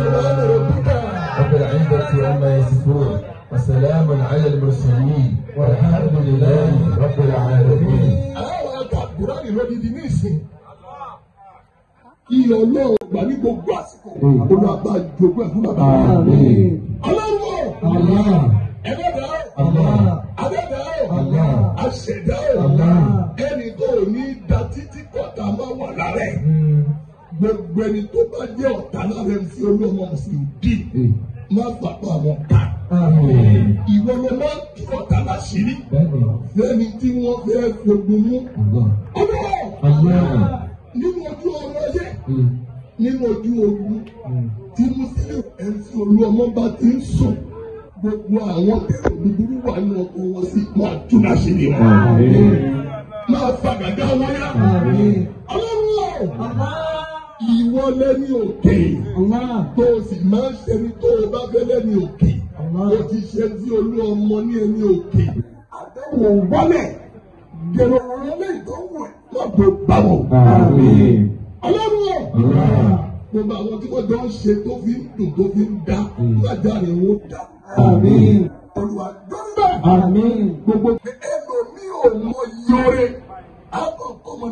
رب العزة عما يصفون وسلام على المرسلين والحمد لله رب العالمين. Ilẹ̀ ọlọ́run gbà ní gbogbo àsìkò. Olú àgbà jogún ẹ̀fún bàbá rẹ̀. Ọlọ́wọ́. Ẹlẹ́dàá ọ̀. Adẹ́dàá ọ̀. Aṣẹ̀dá ọ̀. Ẹnì kan ò ní da títí kọ̀tà máa wà lára ẹ̀ gbogbo ẹni tó bá jẹ́ ọ̀tá lára ẹni tí olóòmọ mùsùlùmí máa fapá wọn ká. ìwọ ló máa ń tú ọ̀tá láṣìírí lẹ́ni tí wọ́n fẹ́ gbogbo mú. ọ̀rọ̀ nínú ojú ọrọ̀ yẹ hmm. nínú ojú ogun hmm. tí mùsùlùmí ẹni tí olóòmọ bá ti ń sùn gbogbo àwọn tẹ̀sán búburú wà ní ọkọ̀ wọn sí máa tún láṣìírí wọn máa fagàgà wọn yá. ọlọ́run ọ̀ ìwọ lẹ́ni òkè tó o sì máa ń ṣe ní tó o bá fẹ́ lẹ́ni òkè o ti ṣe tí olú ọmọ ní ẹni òkè. àtẹ̀wò wọlé gẹ̀rọ ọ̀rọ̀ lè dánwò lọ́dọ̀ báwọ̀. ọlọ́run ọ̀ gbogbo àwọn tí wọ́n jọ ń ṣe tó fi ń dùn tó fi ń dá lọ́jà rẹ̀ wọ́n dá. olùwà dúndà gbogbo ẹlòmíì ò mọ yọrẹ àkọ́kọ́ mọ